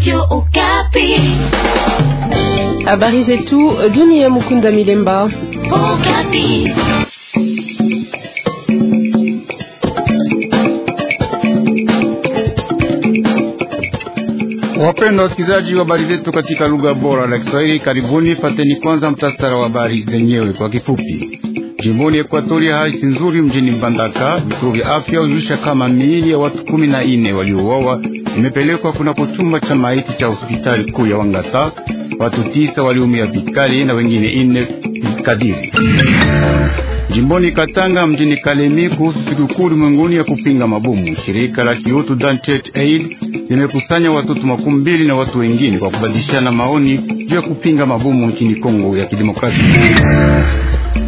Radio Okapi. Habari zetu dunia. Eh, Mukunda Milemba, Okapi. Wapenda wasikilizaji wa habari zetu katika lugha bora la Kiswahili, karibuni. Fateni kwanza mtasara wa habari zenyewe kwa kifupi. Jimboni Ekuatoria hali si nzuri mjini Mbandaka. Vituo vya afya hujulisha kama miili ya watu kumi na ine waliouawa imepelekwa kunako chumba cha maiti cha hospitali kuu ya Wangata. Watu tisa waliumia vikali na wengine ine kadiri. Jimboni Katanga mjini Kalemi, kuhusu sikukuu ulimwenguni ya kupinga mabomu, shirika la kiutu Dan Church Aid limekusanya watoto makumi mbili na watu wengine kwa kubadilishana maoni juu ya kupinga mabomu nchini Kongo ya Kidemokrasia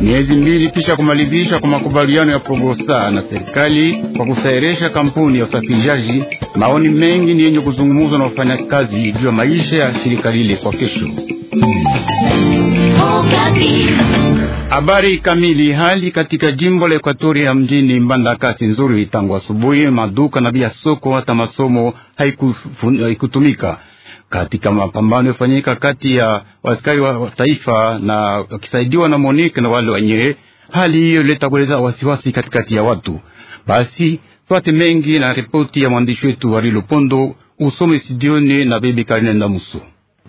miezi mbili kisha kumalizisha kwa makubaliano ya Progosa na serikali kwa kusaeresha kampuni ya usafirishaji. Maoni mengi ni yenye kuzungumuzwa na wafanyakazi juu ya maisha ya shirika lile kwa kesho. Habari kamili. Hali katika jimbo la ya mjini Mbandaka si nzuri tangu asubuhi. Maduka na bia soko hata masomo haikutumika katika mapambano yafanyika kati ya askari wa taifa na wakisaidiwa na Monique na wale wenyewe. Hali hiyo ileta kueleza wasiwasi katikati ya watu. Basi twate mengi na ripoti ya mwandishi wetu Wari Lupondo, usome sidioni na bibi Karine Ndamuso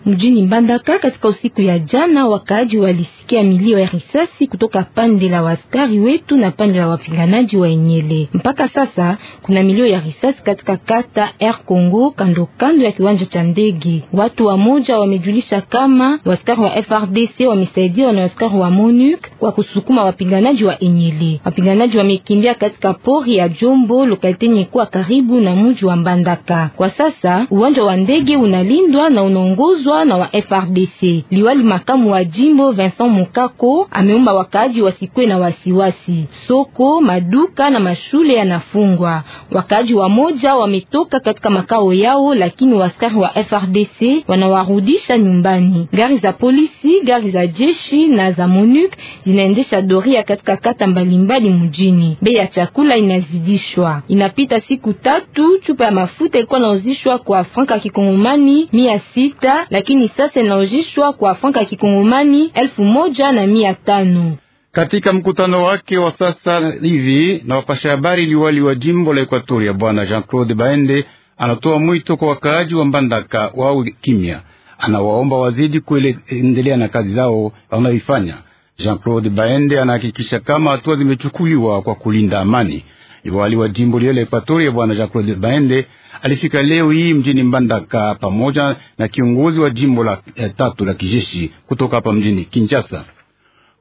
mjini Mbandaka katika usiku ya jana, wakaaji walisikia milio ya risasi kutoka pande la waskari wetu na pande la wapiganaji wa Enyele. Mpaka sasa kuna milio ya risasi katika kata Air Congo kando kando ya kiwanja cha ndege. Watu wa moja wamejulisha kama waskari wa FRDC wamesaidiwa na waskari wa MONUC kwa kusukuma wapiganaji wa Enyele. Wapiganaji wamekimbia katika pori ya Jombo lokalite nyekuwa karibu na mji wa Mbandaka. Kwa sasa uwanja wa ndege unalindwa na unaongozwa kuongozwa na wa FRDC. Liwali makamu wa jimbo Vincent Mukako ameomba wakaaji wasikwe na wasiwasi. Soko, maduka na mashule yanafungwa. Wakaaji wa moja wametoka katika makao yao, lakini waskari wa FRDC wanawarudisha nyumbani. Gari za polisi, gari za jeshi na za MONUC zinaendesha doria katika kata mbalimbali mjini. Bei ya chakula inazidishwa. Inapita siku tatu, chupa ya mafuta ilikuwa inauzishwa kwa franka kikongomani mia sita lakini sasa inaojishwa kwa franka kikongomani elfu moja na mia tano. Katika mkutano wake wa sasa hivi na wapasha habari, liwali wa jimbo la Ekuatoria bwana Jean-Claude Baende anatoa mwito kwa wakaaji wa Mbandaka wawe kimya, anawaomba wazidi kuendelea na kazi zao wanayoifanya. Jean-Claude Baende anahakikisha kama hatua zimechukuliwa kwa kulinda amani. Liwali wa jimbo lile la ya bwana Jean Claude Baende alifika leo hii mjini Mbandaka pamoja na kiongozi wa jimbo la eh, tatu la kijeshi kutoka hapa mjini Kinshasa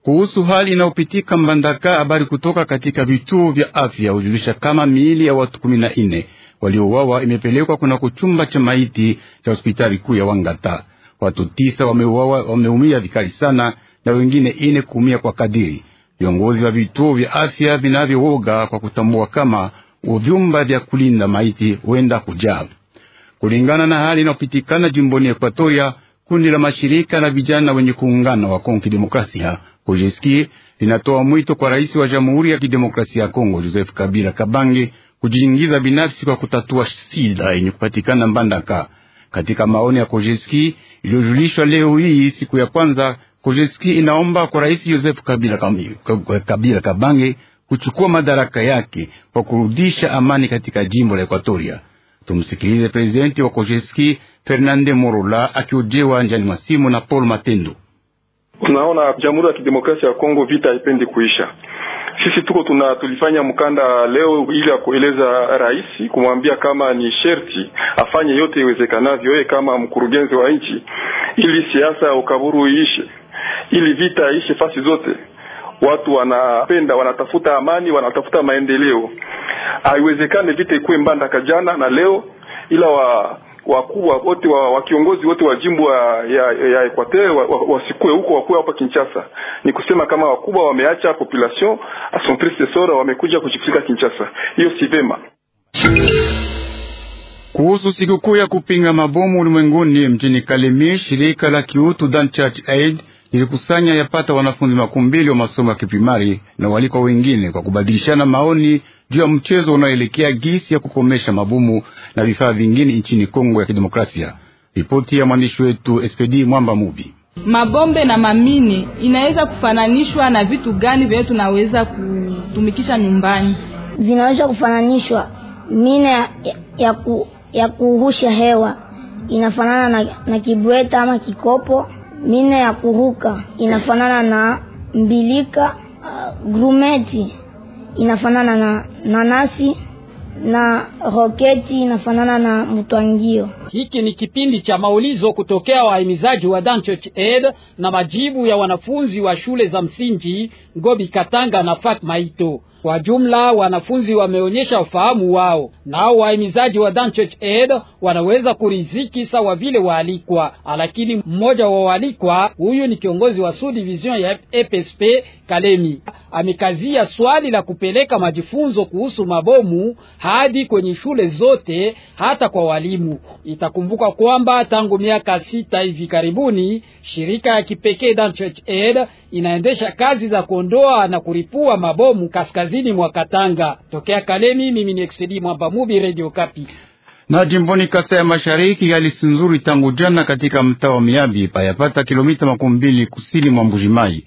kuhusu hali inayopitika Mbandaka. Habari kutoka katika vituo vya afya hujulisha kama miili ya watu kumi na nne waliouawa imepelekwa kuna kuchumba cha maiti cha hospitali kuu ya Wangata. Watu tisa wameuawa, wameumia vikali sana na wengine ine kuumia kwa kadiri Viongozi wa vituo vya afya vinavyowoga kwa kutambua kama vyumba vya kulinda maiti huenda kujaa. Kulingana na hali inayopitikana jimboni Ekwatoria, kundi la mashirika na vijana wenye kuungana wa Kongo Kidemokrasia kujisiki linatoa mwito kwa rais wa Jamhuri ya Kidemokrasia ya Kongo Joseph Kabila Kabange kujiingiza binafsi kwa kutatua shida yenye kupatikana Mbandaka. Katika maoni ya Kojeski iliyojulishwa leo hii siku ya kwanza Kojeski inaomba kwa Rais yosefu Kabila, Kabila Kabange kuchukua madaraka yake kwa kurudisha amani katika jimbo la equatoria Tumsikilize prezidenti wa Kojeski Fernande Morola akiojewa njani mwa simu na Paul Matendo. Tunaona Jamhuri ya Kidemokrasia ya Kongo vita haipendi kuisha. Sisi tuko tuna tulifanya mkanda leo ili akueleza rais, kumwambia kama ni sherti afanye yote iwezekanavyo, yeye kama mkurugenzi wa nchi, ili siasa ukaburu iishe ili vita ishe fasi zote. Watu wanapenda wanatafuta amani, wanatafuta maendeleo. Haiwezekane vita ikuwe mbandaka jana na leo, ila wa wakubwa wote wa, wa kiongozi wote wa jimbo ya ya Equateur wasikue wa, wa huko wakuwe hapa Kinshasa. Ni kusema kama wakubwa wameacha population a son triste sora wamekuja kujikusika Kinshasa, hiyo si vema. Kuhusu sikukuu ya kupinga mabomu ulimwenguni mjini Kalemie, shirika la kiutu Dan Church Aid ilikusanya yapata wanafunzi makumi mbili wa masomo ya kiprimari na walikwa wengine kwa kubadilishana maoni juu ya mchezo unaoelekea gisi ya kukomesha mabomu na vifaa vingine nchini Kongo ya Kidemokrasia. Ripoti ya mwandishi wetu Espedi Mwamba Mubi. Mabombe na mamini inaweza kufananishwa na vitu gani vyenye tunaweza kutumikisha nyumbani? Vinaweza kufananishwa mina ya, ya, ku, ya kuhusha hewa inafanana na, na kibweta ama kikopo mine ya kuruka inafanana na mbilika uh, grumeti inafanana na nanasi na roketi inafanana na mtwangio hiki ni kipindi cha maulizo kutokea wahimizaji wa Dan Church Aid na majibu ya wanafunzi wa shule za msingi Ngobi Katanga na Fatma Ito. Kwa jumla wanafunzi wameonyesha ufahamu wao, nao wahimizaji wa Dan Church Aid wanaweza kuriziki sawa vile waalikwa. Lakini mmoja wa waalikwa huyu ni kiongozi wa Sud Division ya EPSP Kalemi, amekazia swali la kupeleka majifunzo kuhusu mabomu hadi kwenye shule zote hata kwa walimu. Itakumbuka kwamba tangu miaka sita hivi karibuni shirika ya kipekee Dan Church Aid inaendesha kazi za kuondoa na kuripua mabomu kaskazini mwa Katanga. Tokea Kalemi, mimi ni Expedi Mwamba Mubi, Radio Kapi. Na jimboni Kasa ya Mashariki, hali si nzuri tangu jana katika mtaa wa Miabi, payapata kilomita makumi mbili kusini mwa Mbujimai.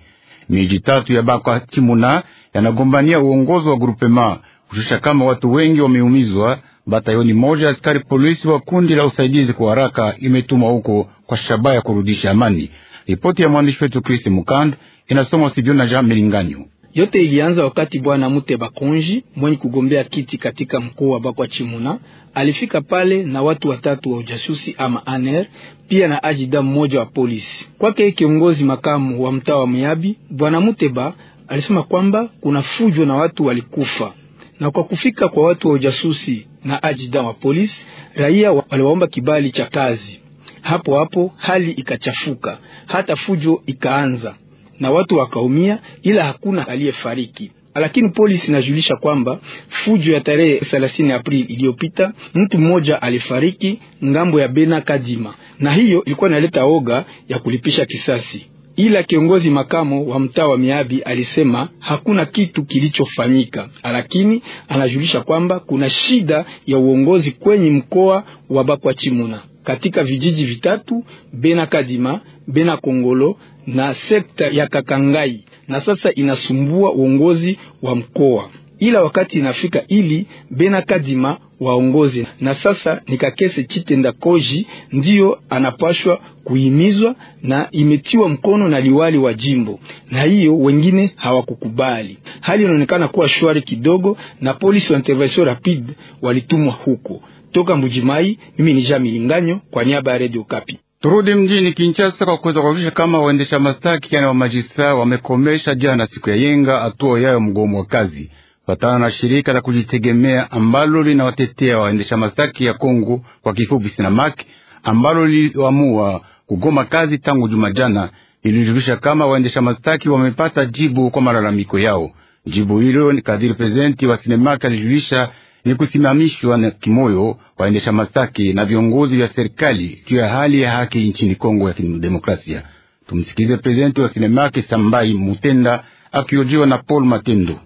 Miji tatu ya Bakwa chimuna yanagombania uongozi wa grupema kushusha kama watu wengi wameumizwa Batayoni moja askari polisi wa kundi la usaidizi kwa haraka imetumwa huko kwa shabaha ya kurudisha amani. Ripoti ya mwandishi wetu Kristi Mukand inasomwa studio na Jean Milinganyo. Yote ilianza wakati bwana Muteba Konji mwenye kugombea kiti katika mkoa wa Bakwa Chimuna alifika pale na watu watatu wa ujasusi ama aner pia na ajida mmoja wa polisi. Kwake kiongozi makamu wa mtaa wa myabi bwana Muteba alisema kwamba kuna fujo na watu walikufa, na kwa kufika kwa watu wa ujasusi na ajida wa polisi, raia waliwaomba kibali cha kazi. Hapo hapo hali ikachafuka, hata fujo ikaanza na watu wakaumia, ila hakuna aliyefariki. Lakini polisi inajulisha kwamba fujo ya tarehe 30 Aprili iliyopita mtu mmoja alifariki ngambo ya Bena Kadima, na hiyo ilikuwa inaleta oga ya kulipisha kisasi ila kiongozi makamo wa mtaa wa Miabi alisema hakuna kitu kilichofanyika, lakini anajulisha kwamba kuna shida ya uongozi kwenye mkoa wa bakwa chimuna katika vijiji vitatu Bena Kadima, Bena Kongolo na sekta ya Kakangai, na sasa inasumbua uongozi wa mkoa ila wakati inafika ili Bena Kadima waongoze na sasa nikakese Chitenda Koji ndiyo anapashwa kuhimizwa na imetiwa mkono na liwali wa jimbo, na hiyo wengine hawakukubali. Hali inaonekana kuwa shwari kidogo, na polisi wa intervention rapide walitumwa huko toka Mbujimai. Mimi ni Jean milinganyo kwa niaba ya Radio Kapi. Turudi mjini Kinshasa kwa kuweza kuhakikisha kama waendesha mastaki yani wa majisa wamekomesha jana siku ya yenga hatua yayo mgomo wa kazi watana na shirika la kujitegemea ambalo linawatetea waendesha mastaki ya Kongo kwa kifupi Sinamak, ambalo liliamua kugoma kazi tangu Jumajana, ilijulisha kama waendesha mastaki wamepata jibu kwa malalamiko yao. Jibu hilo ni kadiri prezidenti wa Sinemaki alijulisha ni kusimamishwa na kimoyo waendesha mastaki na viongozi vya serikali juu ya hali ya haki nchini Kongo ya Kidemokrasia. Tumsikilize prezidenti wa Sinemaki Sambai Mutenda akiojiwa na Paul Matendo.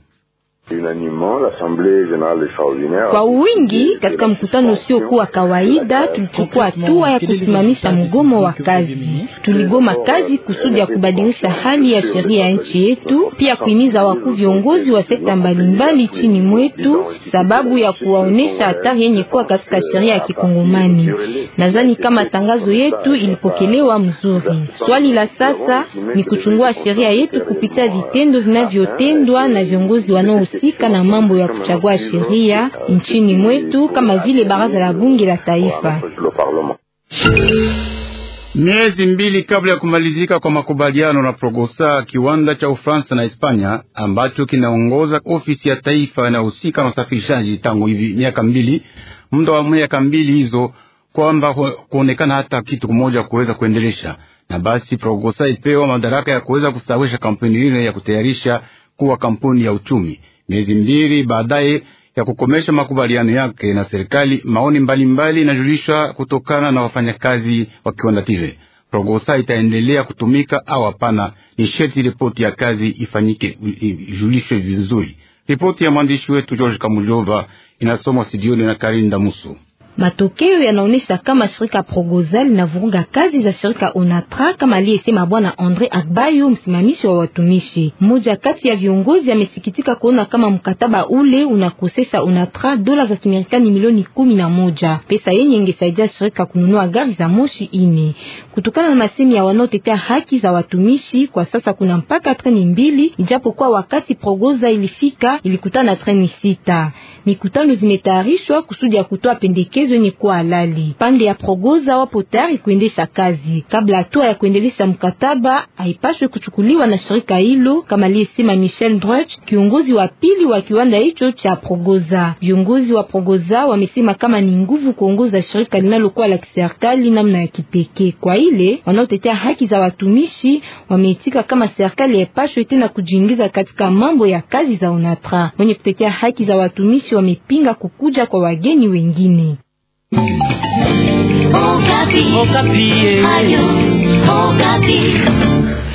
Kwa wingi katika mkutano usiokuwa kawaida, tulichukua hatua ya kusimamisha mgomo wa kazi. Tuligoma kazi kusudi ya kubadilisha hali ya sheria ya nchi yetu, pia kuhimiza wakuu viongozi wa sekta mbalimbali chini mwetu, sababu ya kuwaonesha hatari yenye kuwa katika sheria ya Kikongomani. Nadhani kama tangazo yetu ilipokelewa mzuri. Swali la sasa ni kuchungua sheria yetu kupitia vitendo vinavyotendwa na viongozi wanao wanaohusika na mambo ya kuchagua sheria nchini mwetu kama vile baraza la bunge la taifa. Miezi mbili kabla ya kumalizika kwa makubaliano na Progosa, kiwanda cha Ufaransa na Hispania ambacho kinaongoza ofisi ya taifa inayohusika na usafirishaji tangu hivi miaka mbili, muda wa miaka mbili hizo, kwamba kuonekana hata kitu kimoja kuweza kuendelesha, na basi Progosa ipewa madaraka ya kuweza kustawisha kampuni hiyo ya kutayarisha kuwa kampuni ya uchumi miezi mbili baadaye ya kukomesha makubaliano yake na serikali, maoni mbalimbali inajulishwa kutokana na wafanyakazi wa kiwanda Tive. Progosa itaendelea kutumika au hapana, ni sherti ripoti ya kazi ifanyike, ijulishwe vizuri. Ripoti ya mwandishi wetu George Kamujova inasomwa studioni na Karinda Musu. Matokeo yanaonyesha kama shirika Progozel na linavuruga kazi za shirika Onatra, kama aliyesema bwana Andre Agbayo, msimamishi wa watumishi. Mmoja kati ya viongozi amesikitika kuona kama mkataba ule unakosesha Onatra dola za Kimarekani milioni kumi na moja, pesa yenye ingesaidia shirika kununua gari za moshi ine. Kutokana na masemi ya wanaotetea haki za watumishi, kwa sasa kuna mpaka treni mbili, ijapokuwa wakati Progoza ilifika ilikutana na treni sita. Mikutano zimetayarishwa kusudi ya kutoa pendekezo yenye kuwa halali. Pande ya Progoza wapo tayari kuendesha kazi. Kabla hatua ya kuendelesha mkataba haipaswe kuchukuliwa na shirika hilo, kama aliyesema Michel Druch, kiongozi wa pili wa kiwanda hicho cha Progoza. Viongozi wa Progoza wamesema kama ni nguvu kuongoza shirika linalokuwa la kiserikali namna ya kipekee. Kwa ile wanaotetea haki za watumishi wameitika kama serikali haipaswe tena kujiingiza katika mambo ya kazi za Onatra. Mwenye kutetea haki za watumishi wamepinga kukuja kwa wageni wengine. Okapi. Okapi. Okapi.